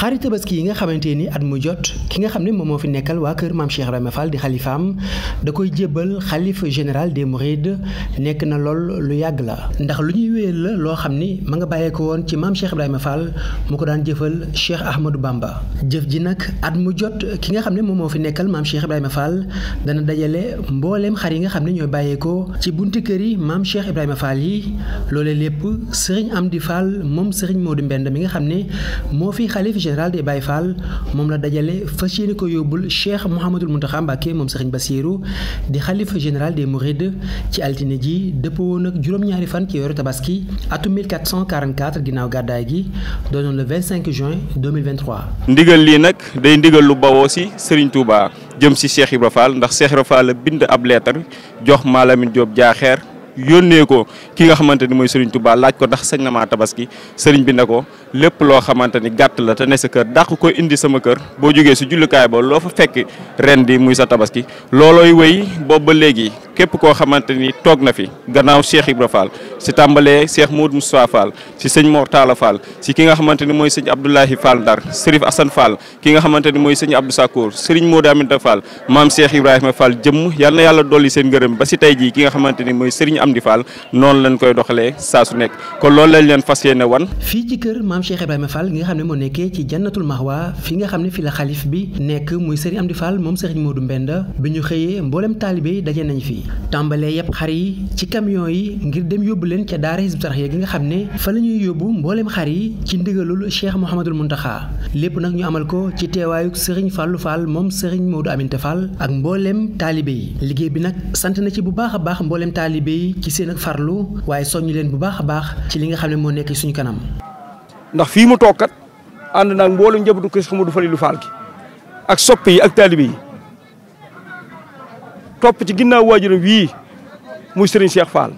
xaari tabaski yi nga xamante ni at mu jot ki nga xam ne moom moo fi nekkal waa kër maam Cheikh Ibrahima Fall di xalifaam da koy jébbal xalifa général des mourides nekk na lool lu yàgg la. ndax lu ñuy wéyal la loo xam ni ma nga bàyyeekoo woon ci maam Cheikh Ibrahima Fall mu ko daan jëfal Cheikh Ahmadou Bamba jëf ji nag at mu jot ki nga xam ne moom moo fi nekkal maam Cheikh Ibrahima Fall dana dajale mbooleem xar yi nga xam ne ñoo bàyyeekoo ci buntu kër yi maam Cheikh Ibrahima Fall yi loolee lépp Serigne Amdi Fall moom Serigne Modou Mbend mi nga xam ne général des Baye Fall moom la dajale fas yéene ko yóbbul Cheikh Mouhamadul Mountakha Mbacké moom ba Bassirou di xalifa général des Mourides ci altine ji dëppoo nag juróom-ñaari fan ci weeru tabaski atum 1444 ginnaaw gàddaay gi doonoon le 25 juin 2023. ndigal lii nag day ndigal lu bawoo si Serigne Touba jëm si Cheikh Ibra Fall ndax Cheikh Ibra Fall la bind ab lettre jox Malamine Diop jaaxeer yónnee ko ki nga xamante ni mooy Serigne Touba laaj ko ndax sañ na maa tabaski Serigne bi ne ko. lépp loo xamante ni gàtt la te ne sa kër dàq ko indi sama kër boo jógee si jullukaay ba loo fa fekk ren di muy sa tabaski loolooy wéy boobu ba léegi képp koo xamante ni toog na fi gannaaw Cheikh Ibra Fall si tàmbalee Cheikh Modou Moustapha Fall si sëñ Mor Talla Fall si ki nga xamante ni mooy sëñ Abdoulahi Fall Ndar Serif Assane Fall ki nga xamante ni mooy sëñ Abdou Sakour sëriñ Modou Aminta Fall maam Cheikh Ibrahima Fall jëmm yal na yàlla dolli seen ngërëm ba si tey jii ki nga xamante ni mooy sëriñ Amdi Fall noonu lañ koy doxalee saa nekk maam Cheikh Ibrahima gi nga xam ne moo nekkee ci jannatul mahwa fi nga xam ne fi la xalif bi nekk muy sëriñ Amdi Fall moom sëriñ Modou Mbenda bi ñu xëyee mboolem taalibe daje nañ fi tàmbalee yëpp xar yi ci camion yi ngir dem yóbbu leen ca daara Hizbut Tarqiyyah gi nga xam ne fa la ñuy yóbbu mbooleem xar yi ci ndigalul Cheikh Mouhamadul Mountakha lépp nag ñu amal ko ci teewaayu sëriñ Fallou Fall moom sëriñ Modou Aminte fal ak mbooleem taalibe yi liggéey bi nag sant na ci bu baax a baax mbooleem taalibe yi ci seen ak farlu waaye soññ leen bu baax a baax ci li nga xam ne moo nekk suñu kanam ndax fii mu toog kat ànd naag mboolem njabootu Kër Sëriñ Modou Falilou Fall gi ak soppe yi ak taalibe yi topp ci ginnaaw waajuram wii muy Serigne Cheikh Fall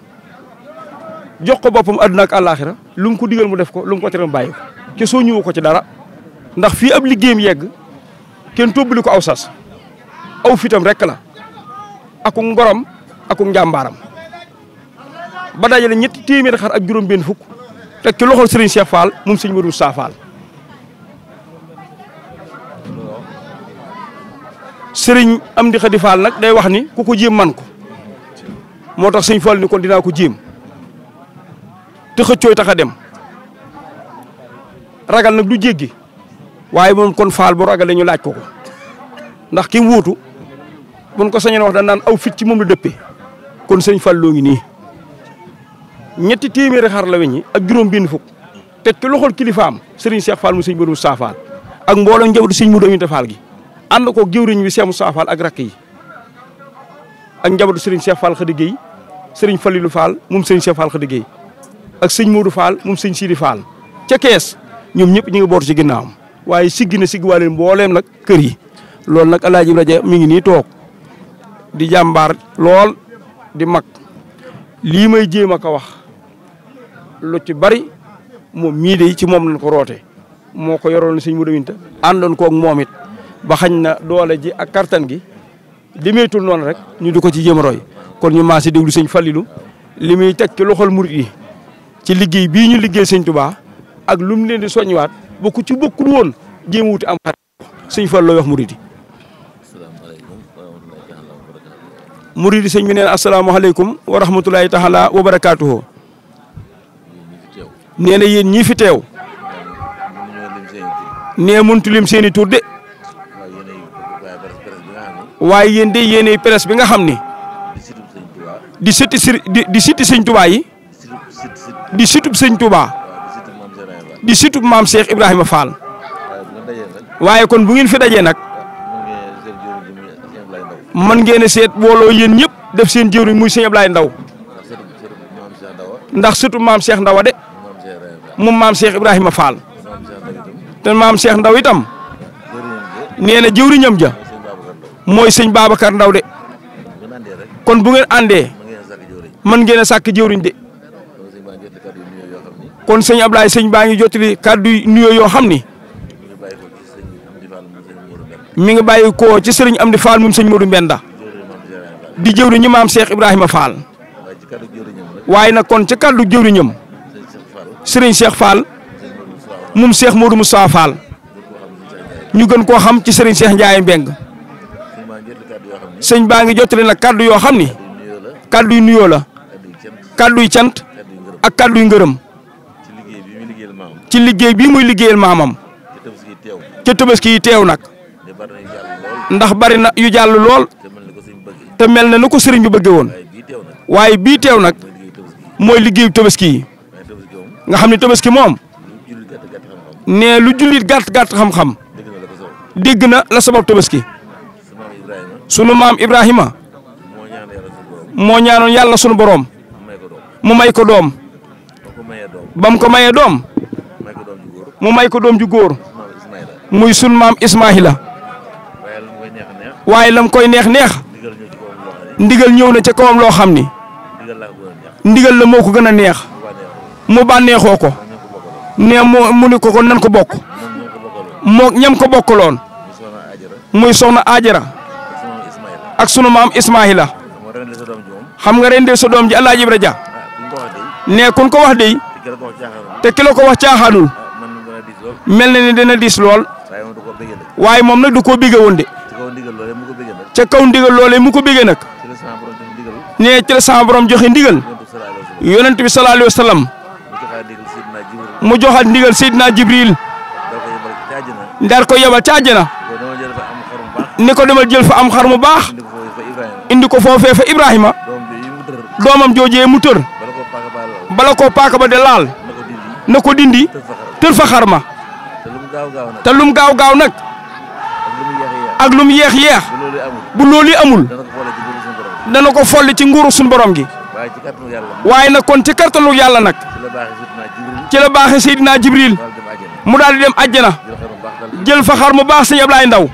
jox ko boppam àdduna ak àllaaxira lu mu digal mu def ko lu mu ko tere mu bàyyi ko te soo ko ci dara ndax fii ab liggéeyam yegg kenn tobbali ko aw sas aw fitam rek la aku ngoram aku njàmbaaram ba dajale ñetti téeméeri xar ak juróom-benn fukk. teg ci loxol Serigne Cheikh Fall moom sëñ Modou Moustapha Fall am Amdi Khady Fall nag day wax ni ku ko jéem man ko moo tax sëñ Fall ni kon dinaa ko jéem te xëccooy tax a dem ragal nag du jéggi waaye moom kon Fall bu ragal ñu laaj ko ko ndax ki wuutu buñ ko sañoon wax dañ naan aw fit ci moom la dëppee kon sëñ Fall loo ngi nii. ñetti téeméeri xar la weñi ak juróom benn fukk teg ci loxol kilifaam Serigne Cheikh Fall mu sëñ Modou Moustapha Fall ak mbooloo njabootu sëñ Modou Aminta Fall gi ànd ko jëwriñ bi Cheikh mu Fall ak rakk ak njabootu Serigne Cheikh Fall Khady Gueye Serigne Falilou Fall moom Serigne Cheikh Fall Khady Gueye ak sëñ Modou Fall moom sëñ Sidi Fall ca kees ñoom ñëpp ñu ngi boot ci ginnaawam waaye siggi na siggi waale mbooleem nag kër yi loolu nag alaaj Hadj Ibrahima mi ngi nii toog di jàmbaar lool di mag lii may jéem a ko wax lu ci bari moom mii de ci moom lañ ko roote moo ko yoroon sëñ Modou Winta àndoon koog moom it ba xañ na doole ji ak kartan gi li tul noonu rek ñu di ko ci jéem roy kon ñu maa si déglu sëñ Fallilu li muy teg ci loxol murit yi ci liggéey bii ñu liggéey sëñ Touba ak lu mu leen di soññiwaat ba ku ci bokkul woon jéem wuti am xar sëñ Fall looy wax murit yi. murit sëñ bi neen asalaamaaleykum wa rahmatulahi taala wa barakaatuhu nee na yéen ñii fi teew nee mënut lim seen i tur de waaye yéen de yéenay presse bi nga xam ni di sëti sir di sëti sëñ Touba yi di sëtub sëñ Touba maam Cheikh Ibrahima Fall waaye kon bu ngeen fi dajee nag man ngeen seet booloo yéen ñëpp def seen jëwriñ muy sëñ Ablaye Ndaw ndax sëtub maam Cheikh Ndawa de. moom maam Cheikh Ibrahima Fall te maam Cheikh Ndaw itam nee na jëwriñam ja mooy sëñ Babacar Ndaw de kon bu ngeen àndee mën ngeen a sàkk jëwriñ de kon sëñ Ablaye sëñ baa ngi jottali kàddu nuyoo yoo xam ni mi ngi bàyyi ko ci sëriñ Amdi Fall moom sëñ Modou Mbenda di jëwriñu maam Cheikh Ibrahima Fall waaye nag kon ca kàddu jëwriñam Serigne Cheikh Fall moom Cheikh Modou Moustapha Fall ñu gën koo xam ci Serigne Cheikh Ndiaye Mbeng sëñ baa ngi jottali nag kàddu yoo xam ni kàddu yu nuyoo la yu cant ak kàddu yu ngërëm ci liggéey bii mooy liggéeyal maamam ca tabaski yi teew nag ndax bari na yu jàll lool te mel na na ko sëriñ bi bëgge waaye bii teew nag mooy liggéeyu tabaski yi nga xam ne tabaski moom ne lu jullit gàtt gàtt xam-xam dégg na la sabab tabaski sunu maam Ibrahima moo ñaanoon yàlla sunu boroom mu may ko doom ba mu ko maye doom mu may ko doom ju góor muy sunu maam Ismaahila waaye lam koy neex neex ndigal ñëw na ca kawam loo xam ni ndigal la moo ko gën a neex. mu bànneexoo ko ne mu mu ni ko ko nan ko bokk moo ñam ko bokkaloon muy soxna Ajara ak sunu maam Ismaahila xam nga ren de sa doom ji El Hadj Ibra Dia ne kun ko wax dey te ki la ko wax caaxaanul mel na ni dina diis lool waaye moom nag du ko bégge woon de ca kaw ndigal loolee mu ko bégge nag ne ci la sama borom joxe ndigal yonent bi sallallahu alayhi mu joxaat ndigal Seydina Jibril ndar ko yebal ca àjjana ni ko demal jël fa am xar mu baax indi ko foofee fa Ibrahima doomam joojee mu tër bala koo paaka ba de laal na ko dindi tër fa xar ma te lum gaaw gaaw nag ak lum yeex yeex bu loolu amul dana ko folli ci nguuru suñu borom gi waaye nag kon ci kartalu yàlla nag ci la baaxee Seydina Jibril mu daal di dem àjjana jël fa xar mu baax sëñ Ablaye Ndaw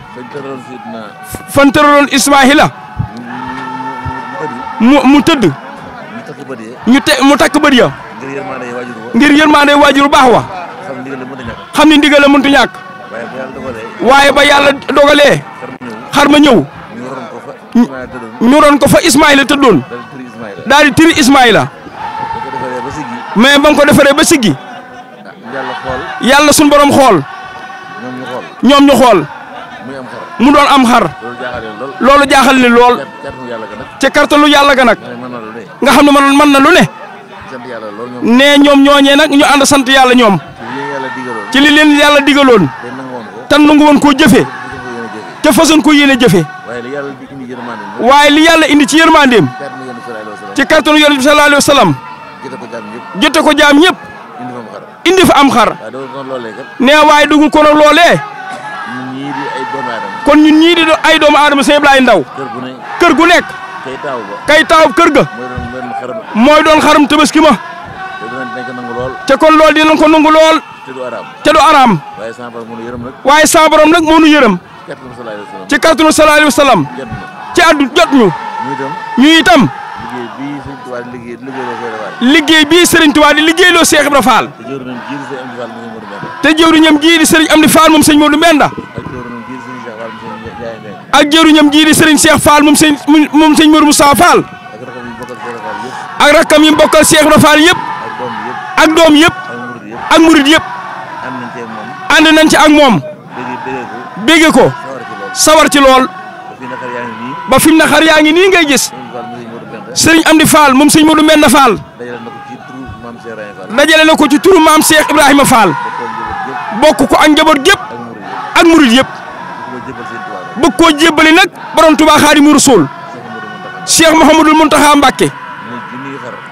fan tëraloon Ismaahila mu mu tëdd ñu te mu takk bët ya ngir yërmande waajuru baax wa xam ni ndigal la mëntu ñàkk waaye ba yàlla dogalee xar ma ñëw ñu roon ko fa Ismaahila tëddoon daal di tiri Ismaahila mais ba ko defaree ba siggi yàlla suñu borom xool. ñoom ñu xool. mu doon am xar. loolu jaaxal ni lool. ci kartalu yàlla ga nag. nga xam ne man mën na lu ne. ne ñoom ñooñee nag ñu ànd sant yàlla ñoom. ci li leen yàlla digaloon. tan nangu woon koo jëfee. te fasoon ko yéene jëfee. waaye li yàlla indi ci yërmandeem. ci kartalu yonent bi sallallahu alayhi wa sallam. jote ko jaam ñëpp. indi fa am xar nee waaye dugul ko nag loolee kon ñun ñii di ay doomu aadama sëñ Ablaye Ndaw kër gu nekk kay taaw kër ga mooy doon xaram tabaski ma te kon lool dinañ ko nangu lool te du araam waaye sa borom nag moo nu yërëm ci kàttanu sallallahu alayhi wa sallam ci addu jot ñu ñu itam liggéey bii Serigne Touba di liggéeyloo Cheikh Ibra Fall. te jëwriñam jii di Serigne Amdi Fall moom sëñ Modou Mbenda. ak jëwriñam jii di Serigne Cheikh Fall moom sëñ moom sëñ Modou Moussa Fall. ak rakkam yi mbokkal Cheikh Ibra Fall yëpp. ak doom yëpp. ak murid yëpp. ànd nañ ci ak moom. bégge ko. sawar ci lool. ba fi mu ne xar yaa ngi nii ngay gis. sëriñ Amdi Fall moom sëriñ Modou Mbenda Fall dajale na ko ci turu maam Cheikh Ibrahima Fall bokk ko ak njaboot yëpp ak murid yëpp bëgg koo jébbali nag borom Tuubaa Xaadimu Rasuul Cheikh Mouhamadul Mountakha Mbacké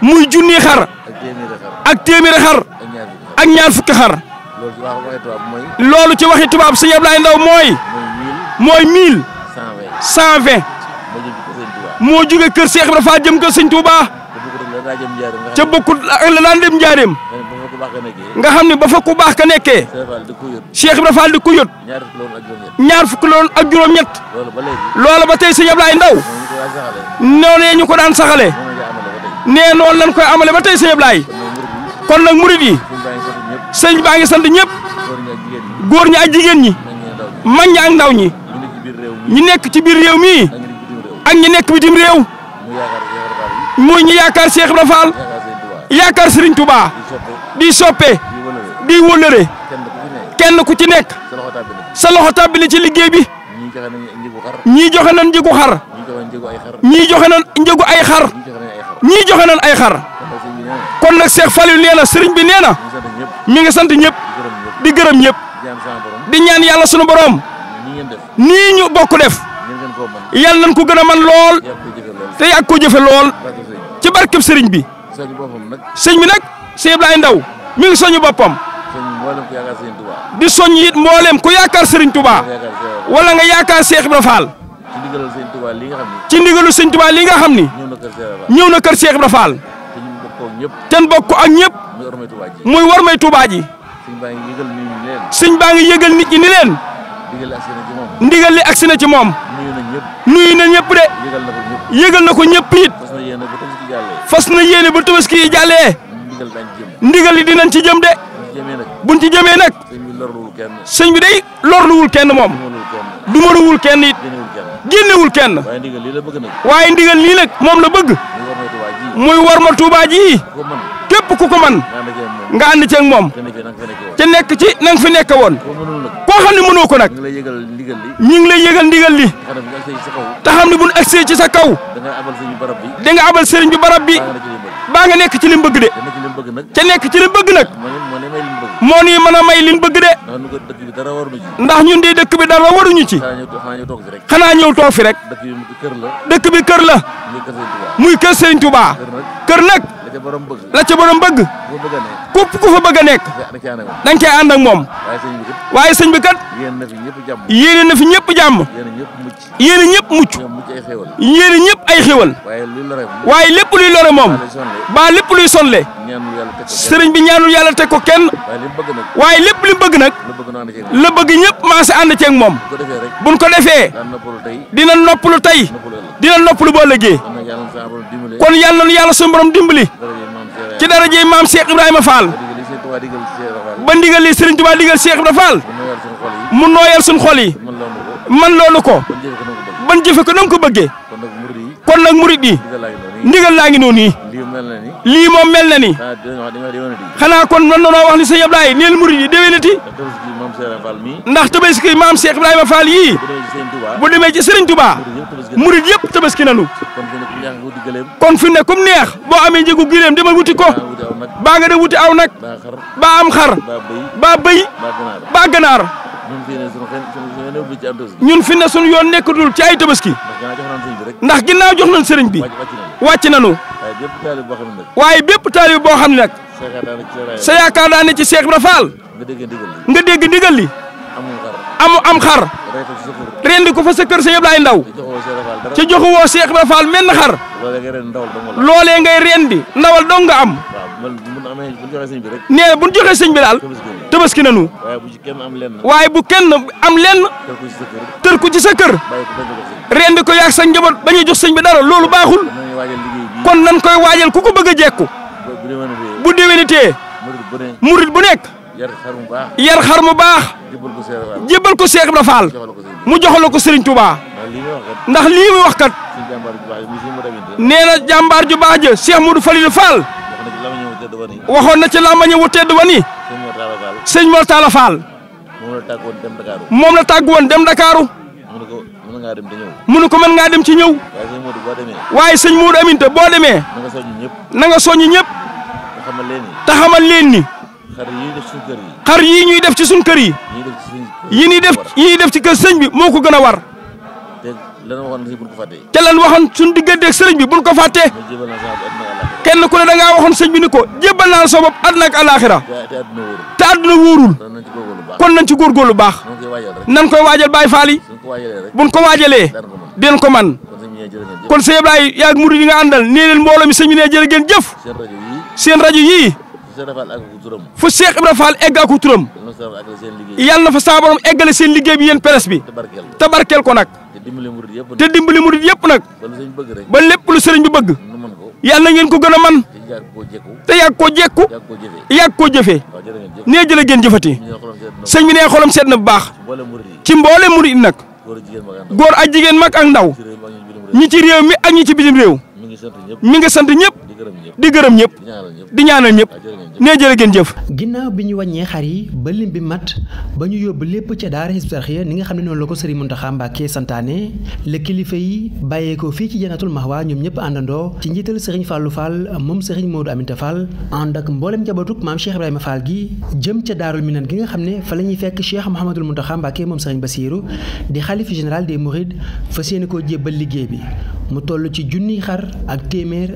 muy junni xar ak téeméeri xar ak ñaar fukki xar loolu ci waxi tubaab sëñ Ablaye Ndaw mooy mooy mille cent moo jóge kër Cheikh Ibra Fall jëm kër sëñ Touba ca bokkut la daan dem njaareem nga xam ne ba fa ku baax ka nekkee Cheikh Ibra Fall di ko yót ñaar fukk loon ak juróom-ñett loola ba tey sëñ Ablaye Ndaw noonee ñu ko daan saxale nee noonu lañ koy amale ba tey sëñ kon nag murid yi sëñ baa ngi sant ñëpp góor ñi ak jigéen ñi mag ak ndaw ñi ñi nekk ci biir réew mii ak ñi nekk bitim réew muy ñu yaakaar Cheikh Ibra Fall yaakaar Serigne Touba di soppe di wóllëre kenn ku ci nekk sa loxo tàbbali ci liggéey bi ñii joxe nañ njëgu xar ñii joxe nañ njëgu ay xar ñii joxe nañ ay xar kon nag Cheikh Fallou nee na Serigne bi nee na mi ngi sant ñëpp di gërëm ñëpp di ñaan yàlla sunu borom nii ñu bokk def. yal nañ ko gën a man lool te yàgg ko jëfe lool ci barkeb sëriñ bi sëñ bi nag sëñ Ablaye Ndaw mi ngi soñu boppam di soñ it mbooleem ku yaakaar sëriñ Touba wala nga yaakaar Cheikh Ibra Fall ci ndigalu sëñ Touba li nga xam ni ñëw na kër Cheikh Ibra Fall ten bokk ak ñëpp muy war may Touba ji sëñ baa ngi yëgal nit ñi ni leen ndigal li agsi na ci moom nuyu na ñëpp de. yëgal na ko ñëpp it. fas na yéene ba tabaski yi jàllee. ndigal li dinañ ci jëm de. buñ ci jëmee nag. sëñ bi day lorluwul kenn moom. dumaluwul kenn it. génnewul kenn. waaye ndigal lii nag moom la bëgg. muy warma Tuubaa ji. képp ku ko man nga ànd ceeg moom ci nekk ci na nga fi nekk woon koo xam ne mënoo ko nag ñi ngi lay yëgal ndigal li te xam ne bu nu sa kaw da nga abal sëriñ bi barab bi nga nekk ci li mu bëgg de ca nekk ci li mu bëgg nag moo nii mën a may li mu bëgg de ndax ñun de dëkk bi dara waruñu ci xanaa ñëw toog fi rek dëkk bi kër la muy kër sëriñ Touba kër nag. ca borom bëgg. la ca borom bëgg. képp ku fa bëgg a nekk. da nga cee ànd ak moom. waaye sëñ bi kat. yéene na fi ñëpp jàmm. yéene na fi ñëpp jàmm. yéene ñëpp mucc. yéene ñëpp ay xéwal. waaye lépp luy lore moom. ba lépp luy sonle. sëriñ bi ñaanul yàlla teg ko kenn. waaye lépp li mu bëgg nag. la bëgg ñëpp maase ànd ceeg moom. buñ ko defee. dina noppalu tey. dina noppalu boo ëllëgee. kon yàlla na yàlla suñu borom dimbali. ci daraje maam Cheikh Ibrahima Fall. ba ndigal li Serigne Touba digal Cheikh Ibrahima Fall. mu nooyal suñu xol yi. man loolu ko. ban jëfe ko nam ko bëggee. kon nag murit yi. ndigal laa ngi noonu yi. lii moom mel na ni. xanaa kon nan la wax ni sëñ Ablaye neel murit yi déwénati. ndax tabaski maam Cheikh Ibrahima Fall yii. bu demee ci Serigne Touba. murit yëpp tabaski nanu kon fi ne kum neex boo amee njëgu gileem demal wuti ko baa nga de wuti aw nag baa am xar baa bëy baa ganaar ñun fi ne sunu yoon nekkatul ci ay tabaski ndax ginnaaw jox nañ sëriñ bi wàcc nañu waaye bépp taalib boo xam ne nag sa yaakaar daa ne ci Seex Ibra Faal nga dégg ndigal li am am xar rendi ko fa sa kër sa yëpp laay ndaw ca joxu woo Cheikh Ibra Fall menn xar loolee ngay rendi ndawal dong nga am nee bu ñu joxee sëñ bi daal tabaski nanu waaye bu kenn am lenn tër ku ci sa kër ko yaag sa njaboot ba ñuy jox sëñ bi dara loolu baaxul kon nan koy waajal ku ko bëgg a jekku bu déwénitee murit bu nekk yar xar mu baax jébbal ko Cheikh Ibra Fall mu jox la ko Serigne Touba. ndax lii muy wax kat. nee na jàmbaar ju baax ja Cheikh Modou Falilou Fall. waxoon na ci làmbañe wu tedd ba nii. sëñ Mor Talla Fall. moom na tàggu woon dem Dakaaru. mën ngaa dem te ñëw. mënu ko mën ngaa dem ci ñëw. waaye sëñ Modou boo demee. waaye sëñ Modou Aminta boo demee. na nga soññ ñëpp. na nga ñëpp. te xamal leen ni. te leen ni. xar yii ñuy def ci suñ yii ñuy def ci suñ kër yi. yi ñuy def yi def ci kër sëñ bi moo ko gën a war. te lan waxoon suñu digganteeg sëriñ bi buñ ko fàttee. kenn ku ne ngaa waxoon sëñ bi ni ko jébbal naa sa bopp àdduna ak alaaxira te àdduna wóorul. kon nañ ci góorgóorlu baax. nan koy waajal Baay Faal yi. buñ ko waajalee. den ko man kon sëñ Ablaye yaa ngi murid yi nga àndal nee leen mbooloo mi sëñ bi nee jërë ngeen jëf. seen rajo yii. fu Cheikh Ibra egg ak turam yàlla na fa saa borom eggale seen liggéey bi yéen presse bi tabarkeel ko nag te dimbali murid yëpp nag ba lépp lu sëriñ bi bëgg yàlla na ngeen ko gën a man te yàgg koo jekku yàgg koo jëfee nee jële ngeen jëfati sëñ bi nee xolam seet na bu baax ci mboole murid nag góor ak jigéen mag ak ndaw ñi ci réew mi ak ñi ci bitim réew mi nga sant ñëpp di gërëm ñëpp di ñaanal ñëpp nee jërë ngeen jëf ginnaaw bi ñu wàññee xar yi ba lim bi mat ba ñu yóbbu lépp ca daara Hizbut Tarqiyyah ni nga xam ne noonu la ko Serigne Mountakha Mbacké santaane la kilifa yi bàyyeekoo fii ci Jannatul Mahwa ñoom ñëpp àndandoo ci njiital Serigne Fallou Fall moom Serigne Modou aminte Fall ànd ak mbooleem njabootug maam Cheikh Ibrahima Fall gi jëm ca daarul minan gi nga xam ne fa la ñuy fekk Cheikh Mouhamadoul Mountakha Mbacké moom Serigne Bassirou di xalif général des Mourides fas yéene koo jébbal liggéey bi mu toll ci junniy xar ak téeméer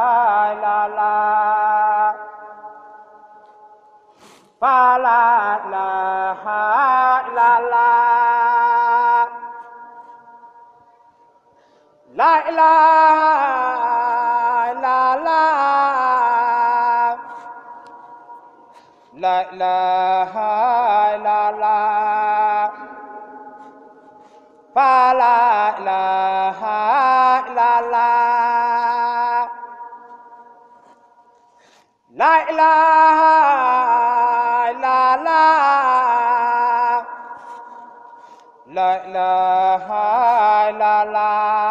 la la la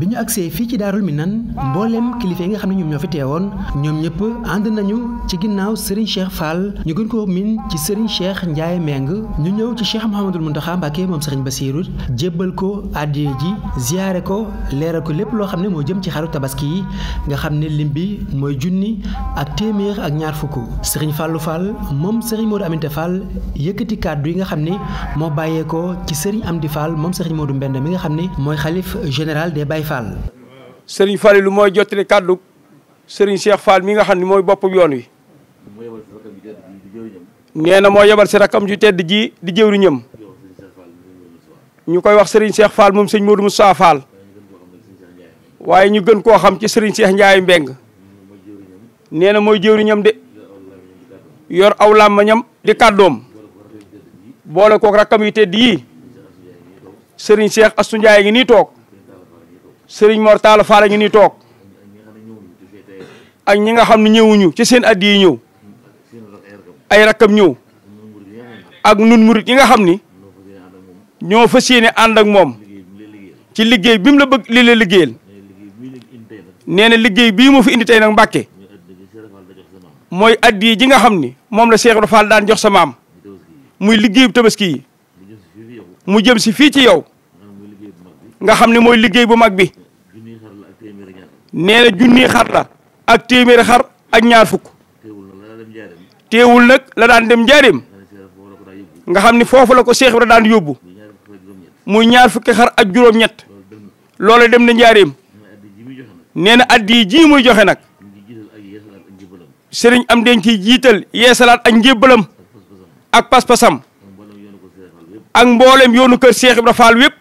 bi ñu agsee fii ci Daarul Minan mbooleem kilifa yi nga xam ne ñoom ñoo fi teewoon ñoom ñëpp ànd nañu ci ginnaaw Serigne Cheikh Fall ñu gën koo min ci Serigne Cheikh Ndiaye Meng ñu ñëw ci Cheikh Mouhamadul Mountakha Mbacké moom Serigne Bassirou jébbal ko addiye ji ziyaare ko leeral ko lépp loo xam ne moo jëm ci xaru tabaski yi nga xam ne lim bi mooy junni ak téeméer ak ñaar fukk sëriñ Fallou Fall moom Serigne Modou Aminta Fall yëkkati kàddu yi nga xam ni moo bàyyeekoo ci Serigne Amdi Fall moom Serigne Modou Mbend mi nga xam ne mooy xalif général des Baye Fall. Serigne Fall lu mooy jottali kàddu sëriñ Cheikh Fall mi nga xam ne mooy bopp yoon wi. nee mooy moo yebal si rakam ju tedd ji di jëwriñam. ñu koy wax sëriñ Cheikh Fall moom sëñ Modou Moussa Fall. waaye ñu gën koo xam ci sëriñ seex Ndiaye Mbeng nee na mooy jëwriñam de yor aw làmmañam di kàddoom boole kook rakkam yi tedd yii Serigne Cheikh Astou Ndiaye ngi nii toog sëriñ Mor Talla Fall ngi ni toog ak ñi nga xam ne ñëwuñu ci seen addi yi ñëw ay rakkam ñëw ak nun murit yi nga xam ni ñoo fa yéene ànd ak moom ci liggéey bi mu la bëgg li la liggéeyal nee na liggéey bii moo fi indi tey nag Mbàkke mooy addi ji nga xam ni moom la Cheikh Ibra Fall daan jox sa maam muy liggéey tabaski yi mu jëm si fii ci yow nga xam ne mooy liggéey bu mag bi nee na junni xar la ak téeméeri xar ak ñaar fukk teewul nag la daan dem njaareem nga xam ni foofu la ko Cheikh Ibra daan yóbbu muy ñaar fukki xar ak juróom-ñett loola dem na njaareem nee na addi ji muy joxe nag sëriñ am dañ ciy jiital yeesalaat ak njébbalam ak pas-pasam ak mboolem yoonu kër Cheikh Ibra Fall wépp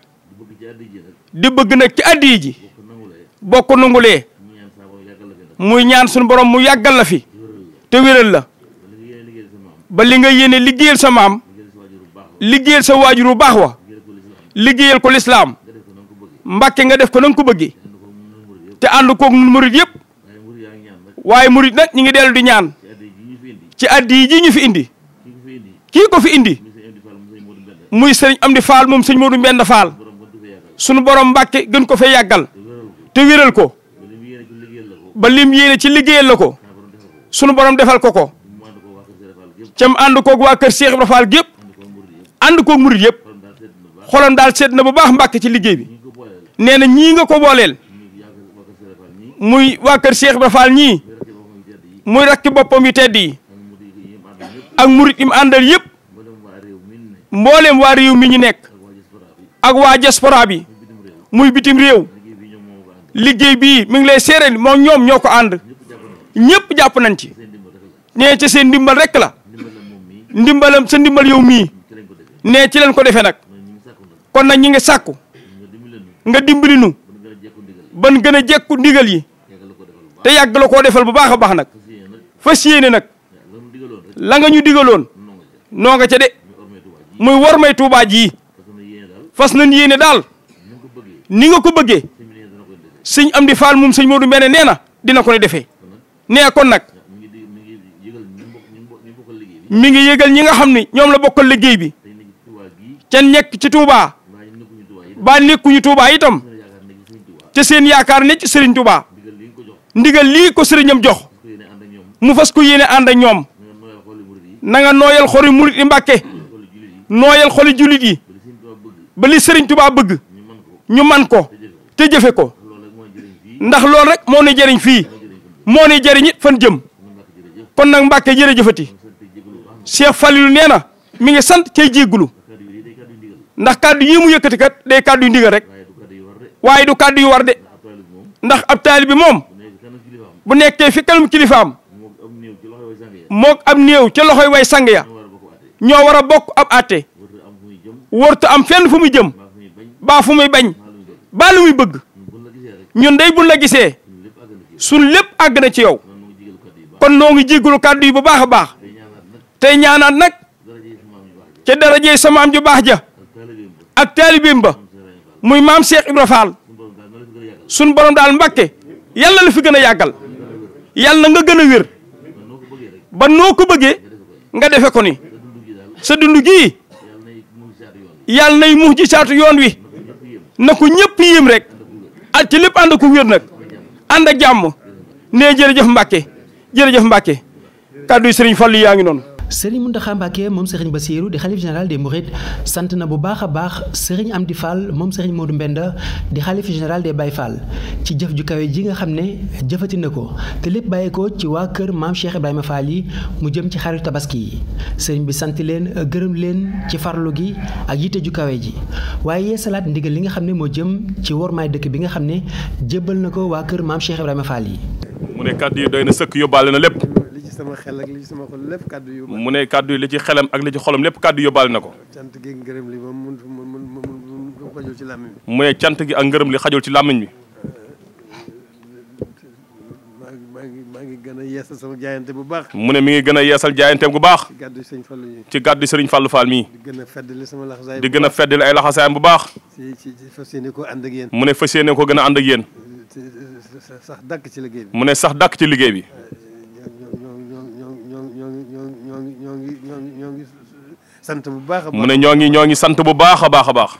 di bëgg nag ci addi ji. boo ko nangulee muy ñaan suñu borom mu yàggal la fi te wéral la ba li nga yéene liggéeyal sa maam liggéeyal sa waajur bu baax wa liggéeyal ko lislaam mbàkke nga def ko na nga ko bëggee te ànd koog nun murit yëpp waaye murit nag ñi ngi dellu di ñaan ci addi yi ji ñu fi indi kii ko fi indi muy sëriñ di Faal moom sëñ Moodu Mbend Faal sunu borom mbàkke gën ko fee yàggal te wéral ko ba lim yéene ci liggéeyal la ko sunu borom defal ko ko cam ànd koog waa kër Cheikh Ibra Fall gépp ànd koog murit yëpp xolam daal seet na ba baax mbàkk ci liggéey bi nee na ñii nga ko booleel muy waa kër Cheikh Ibra Fall ñii muy rakki boppam yu tedd yi ak murit yi mu àndal yëpp mbooleem waa réew mi ñi nekk ak waa diaspora bi muy bitim réew liggéey bii mi ngi lay séeréel moom ñoom ñoo ko ànd ñëpp jàpp nañ ci nee ci seen ndimbal rek la ndimbalam sa ndimbal yow mii nee ci leen ko defee nag kon nag ñi ngi sàkku nga dimbali nu ban gën a jekku ndigal yi te yàgg la koo defal bu baax a baax nag fas yéene nag la nga ñu digaloon noo nga ca de muy war may tuubaa ji fas nañ yéene daal ni nga ko bëggee sëñ Amdi Fall moom sëñ Modou Mbene nee na dina ko ne defee nee kon nag mi ngi yëgal ñi nga xam ni ñoom la bokkal liggéey bi ca nekk ci Touba ba nekkuñu Touba itam ca seen yaakaar ne ci Serigne Touba ndigal lii ko sëriñam jox mu fas ko yéene ànd ak ñoom na nga nooyal xoli murit yi Mbàkke nooyal xoli jullit yi ba li Serigne Touba bëgg ñu man ko te jëfe ko ndax loolu rek moo nu jariñ fii moo nu jariñ it fan jëm kon nag Mbàkke jërëjëfati Cheikh Falilou nee na mi ngi sant cay jéggulu ndax kàddu yi mu yëkkati kat day kàddu yu ndigal rek waaye du kàddu yu war de ndax ab taalibe bi moom bu nekkee fi kanam kilifaam moog ab néew ca loxoy way sang ya ñoo war a bokk ab àtte wartu am fenn fu muy jëm baa fu muy bañ baa lu muy bëgg ñun day bu la gisee suñ lépp àgg na ci yow kon noo ngi jéggalu kàddu bu baax a baax tey ñaanaat nag ca darajey samaam ju baax ja ak taalibeem ba muy maam Cheikh Ibra Fall suñ borom daal mbàkke yàlla la fi gën a yàggal yàlla nga gën a wér ba noo ko bëggee nga defe ko ni sa dund gii yàlla nay muux ji saatu yoon wi na ko ñëpp yéem rek ak ci lépp ànd ko wér nag ànd ak jàmm nee jërëjëf Mbacke jërëjëf Mbacke kàddu yi sëriñ Fallou yaa ngi noonu. Serigne Mountakha Mbacké moom Serigne Bassirou di xalif général des Mourides sant na bu baax a baax Serigne Amdi Fall moom Serigne Modou mbend di xalif général des Baye Fall ci jëf ju kawe ji nga xam ne jëfati na ko te lépp bàyyi ko ci waa kër maam Cheikh Ibrahima Fall yi mu jëm ci xaru tabaski yi sëriñ bi sant leen gërëm leen ci farlu gi ak yitte ju kawe ji waaye salaat ndigal li nga xam ne moo jëm ci wormaay dëkk bi nga xam ne jëbbal na ko waa kër maam Cheikh Ibrahima Fall yi. mu ne kàddu yi doy lépp. sama xel ak li sama xol lépp kàddu yu. mu ne kàddu yi li ci xelam ak li ci xolam lépp kàddu yóbbaale na ko. cant gi ak ngërëm li moom mu xajul ci làmmiñ bi. mu ne cant gi ak ngërëm li ci làmmiñ bi. maa ngi maa ngi gën a yeesal sama jaayante bu baax. mu ne mi ngi gën a yeesal jaayanteem bu baax. ci gàddu Sëriñ Fallu yi. ci Fallu Fall mii. di gën a feddali sama laxasaay. di gën a feddali ay laxasaayam bu baax. ci ci ci fas yéene koo mu ne fas yéene koo gën a ànd ak yéen. sax dàkk ci liggéey mu ne sax dàkk ci liggéey bi. ñoo ngi ñoo ngi sant bu baax a baax. mu ne ñoo ngi ñoo ngi sant bu baax a baax a baax.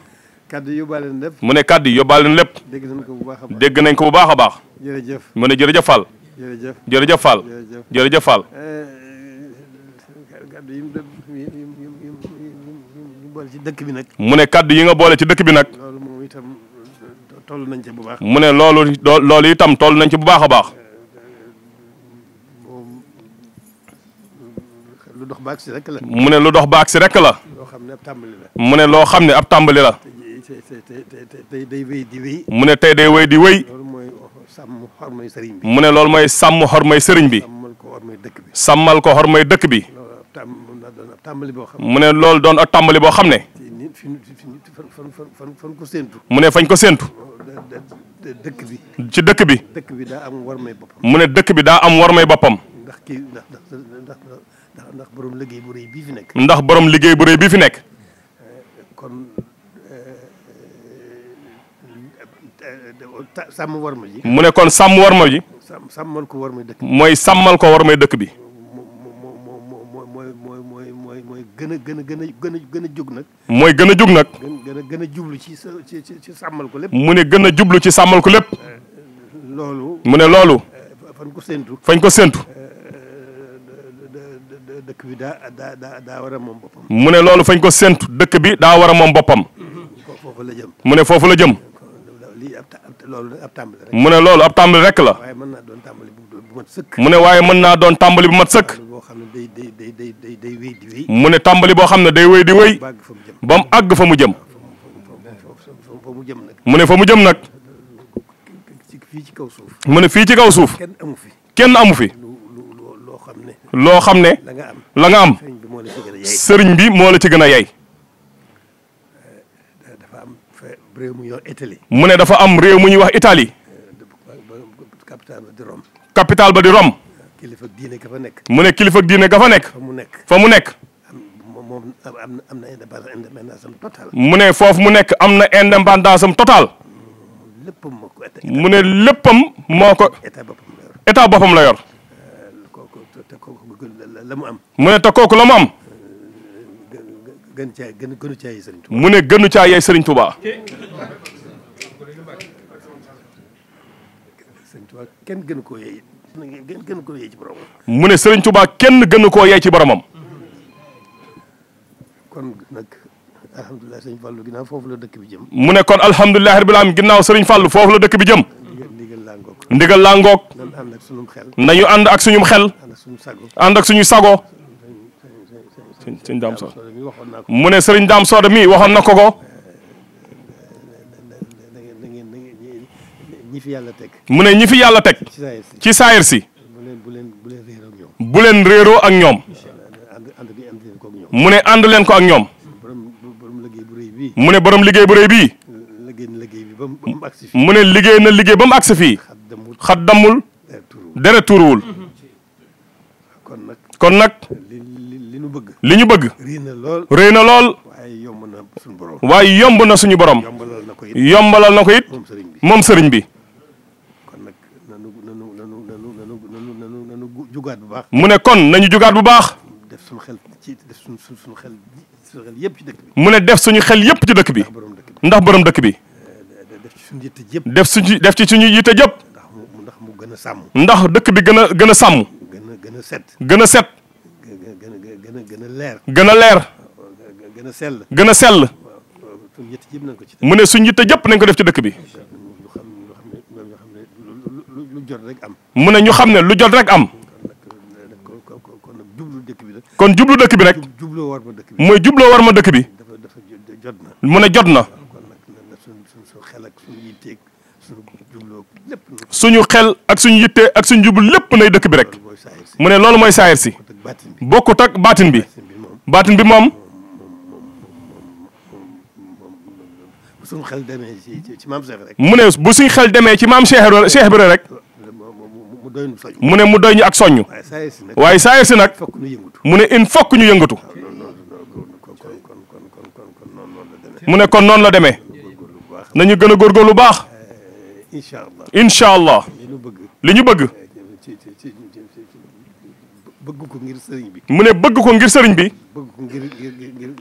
kaddu yóbbaale na lépp. mu ne kaddu yóbbaale lépp. dégg nañ ko bu baax a baax nañ ko bu baax a baax. jërëjëf mu ne jërëjëf Fall. jërëjëf jërëjëf Fall. jërëjëf eh, yi mu boole ci dëkk bi nag. mu ne kaddu yi nga boole ci dëkk bi nag. loolu moom itam nañ ci bu baax. mu ne loolu loolu itam toll nañ ci bu baax a baax. dox ba agsi mu ne lu dox ba agsi rek la. loo xam ne ab la. mu ne loo xam ne ab tàmbali la. tey day wéy di mu ne tey day wéy di wéy. mooy sàmm xormay sëriñ bi. mu ne loolu mooy sàmm xormay sëriñ bi. sàmmal ko xormay dëkk bi. sàmmal ko xormay dëkk bi. mu ne lool doon ab tàmbali boo xam ne. fan ko séentu. mu ne fañ ko séentu. dëkk bi. ci dëkk bi. dëkk bi daa am war mu ne dëkk bi daa am war may boppam. ndax kii ndax boroom liggéey bu rëy bii fi nekk. ndax borom liggéey bu rëy bii fi nekk. Eh, kon eh, eh, sàmm warma ji. mu ne kon sàmm warma ji. sàmm sàmmal ko warmay dëkk bi. mooy sàmmal ko warmay dëkk bi. gën a gën a gën a gën a gën a jug nag. mooy gën a jug nag. a gën a jublu ci sa ci ci sàmmal ko lépp. mu ne gën a jublu ci sàmmal ko lépp. mu ne loolu. fañ ko séntu. fañ ko séntu. dëkk bi daa daa daa war a moom boppam. mu ne loolu fañ ko séntu dëkk bi daa war a moom boppam. foofu la jëm. mu ne foofu la jëm. mu ne loolu ab tàmbali rek la. mu ne waaye mën naa doon tàmbali bu mat sëkk. mu ne tàmbali boo xam ne day wéy di wéy. ba mu àgg fa mu jëm. mu ne fa mu jëm nag. mu ne fii ci kaw suuf. kenn amu fi. loo xam ne la nga am sëriñ bi moo la ci gën a yey eh, mu ne dafa am réew mu ñuy wax Italie eh, capital ba di Rome eh, mu ne kilifa diine ga fa nekk fa mu nekk mu ne foofu mu nekk am na indépendance am total mm, mu ne léppam moo ko état boppam la yor la mu am. mu ne te kooku la mu am. gën caa gën mu ne gënu caa yey Serigne Touba. kenn gënu koo yey kenn gënu koo mu ne Serigne Touba kenn gënu koo yey ci boromam. kon nag alhamdulilah Serigne Fallou ginnaaw foofu la dëkk bi mu ne kon alhamdulilah rabbil alamin ginnaaw Serigne Fallou foofu la dëkk bi jëm. ndigal laa ngoog nañu ànd ak suñum xel ànd ak suñu sago sëñ daam sooda mu ne sëriñ daam sooda mii waxoon na ko ko mu ne ñi fi yàlla teg ci saayir si bu leen réeroo ak ñoom mu ne ànd leen ko ak ñoom mu ne borom liggéey bu rëy bii mu ne liggéey na liggéey ba mu agsi fii xat dammul deret tuuruwul kon nag kon nag li ñu bëgg li ñu bëgg rëy na lool rëy na lool waaye yomb na suñu borom waaye yomb na suñu yombalal na ko it moom sëriñ bi kon nag nanu nanu nanu nanu nanu nanu jugaat bu baax mu ne kon nañu jogaat bu baax def suñu xel ci def suñu suñu xel suñu yëpp ci dëkk mu ne def suñu xel yëpp ci dëkk bi ndax borom dëkk bi eh, def ci suñu jëpp def suñu def ci suñu yitte jëpp gën sàmm. ndax dëkk bi gën a gën a sàmm. gën a gën a set. gën a set. gën a gën a gën a leer. gën a leer. gën a sell. gën a sell. mu ne suñu yitte jëpp nañ ko def ci dëkk bi. mu ne ñu xam ne lu jot rek am. kon jublu dëkk bi rek. mooy jubloo war ma dëkk bi. mu ne jot na. su ñu xel ak suñu yitte ak suñu jublu lépp nay dëkk bi rek mu ne loolu mooy saayir si bokkut ak baatin bi baatin bi moom. suñu xel demee ci maam Cheikh rek. mu ne bu suñu xel demee ci maam Cheikh Cheikh Ibra rek. mu ne mu doy ñu ak soññu. waaye saayir si nag. mu ne in fokk ñu yëngatu. mu ne kon noonu la demee. nañu gën a lu baax. incha allah incha allah li ñu bëgg. Eh, bëgg ko ngir sëriñ bi. mu ne bëgg ko ngir sëriñ bi. bëgg ko ngir ngir ngir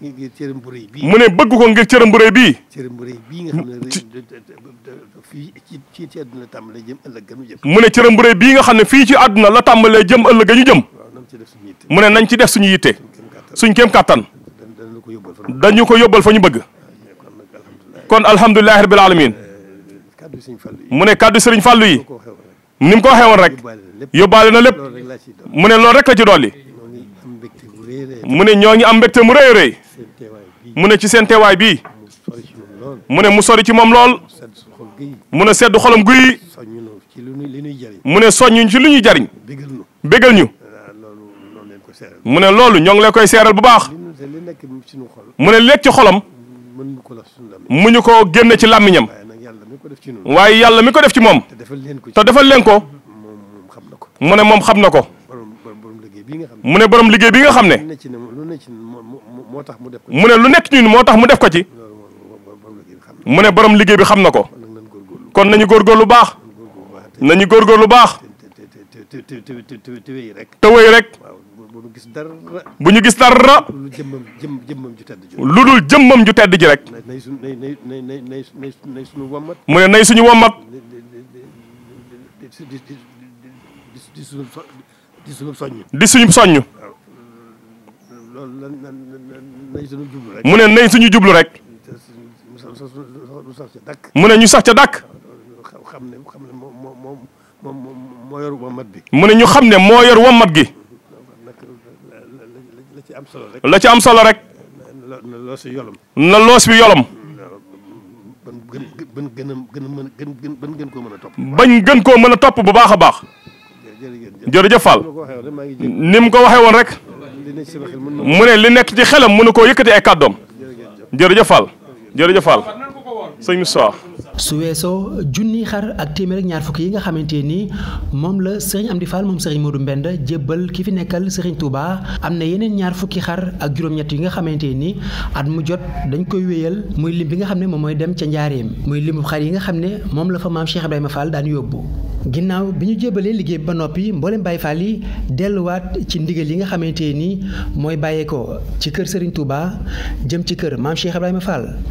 ngir ngir bu rëy bii. mu ne bëgg ko ngir cërëm bu bii. cërëm bu rëy bii nga xam fii ci ci àdduna la tàmbalee jëm ëllëg ga ñu jëm. mu ne cërëm bu bii nga xam ne fii ci àdduna la tàmbalee jëm ëllëg ga ñu jëm. mu ne nañ ci def suñu yitte. suñ kéem kàttan. dañu ko yóbbal fa ñu bëgg. kon alhamdulilah rabil alamin mu ne kàddu sëriñ fàllu yi ni mu ko waxee woon rek yóbbaale na lépp mu ne loolu rek la ci dolli mu ne ñoo ngi am mbégte mu rëy rëy mu ne ci seen teewaay bii mu ne mu sori ci moom lool mu ne sedd xolam guy mu ne soññu ci lu ñuy jariñ bégal ñu ah, mu ne loolu ñoo ngi lay koy seeral bu baax mu ne lekk ci xolam mu ñu ko génne ci làmmiñam waaye yàlla mi ko def ci moom te defal leen ko mu ne moom xam na ko mu ne borom liggéey bi nga xam ne mu ne lu nekk ci ñun moo tax mu def ko ci mu ne borom liggéey bi xam na ko kon nañu góorgóor lu baax nañu góorgóor lu baax te yi rek bu ñu gis dara. bu ñu gis dara. lu dul jëmmam jëm ju tedd ji. lu dul jëmmam ju tedd ji rek. nay suñu nay nay nay nay nay nay suñu wommat. mu ne nay suñu wommat. di di di suñu so di suñu soññ. di suñu soññ. loolu nay suñu jublu rek. mu ne nay suñu jublu rek. mu ne ñu sax ca dàkk. xam ne xam ne moo moo moo moo mu ne ñu xam ne moo yor wommat gi. la ci am solo rek. na loos bi yolom. na loos bi yolom. ban gën gën a mën ban gën koo mën a topp. bañ gën koo mën a topp bu baax a baax. jërëjëf Fall ni mu ko waxee woon rek. mu ne li nekk ci xelam mënu koo yëkkati ay kàddoom. jërëjëf Fall jërëjëf Fall sëñ Moussa. su weesoo junni xar ak téeméer ak ñaar fukki yi nga xamante ni moom la sëriñ Amdi Fall moom sëriñ Modou Mbenda jébbal ki fi nekkal sëriñ Touba am na yeneen ñaar fukki xar ak juróom-ñett yi nga xamante ni at mu jot dañ koy wéyal muy lim bi nga xam ne moom mooy dem ca njaareem muy limu xar yi nga xam ne moom la fa maam Cheikh Ibrahima Fall daan yóbbu. ginnaaw bi ñu jébalee liggéey ba noppi mboolem Baye Fall yi delluwaat ci ndigal yi nga xamante ni mooy bàyyeekoo ci kër Serigne jëm ci kër maam Cheikh Ibrahima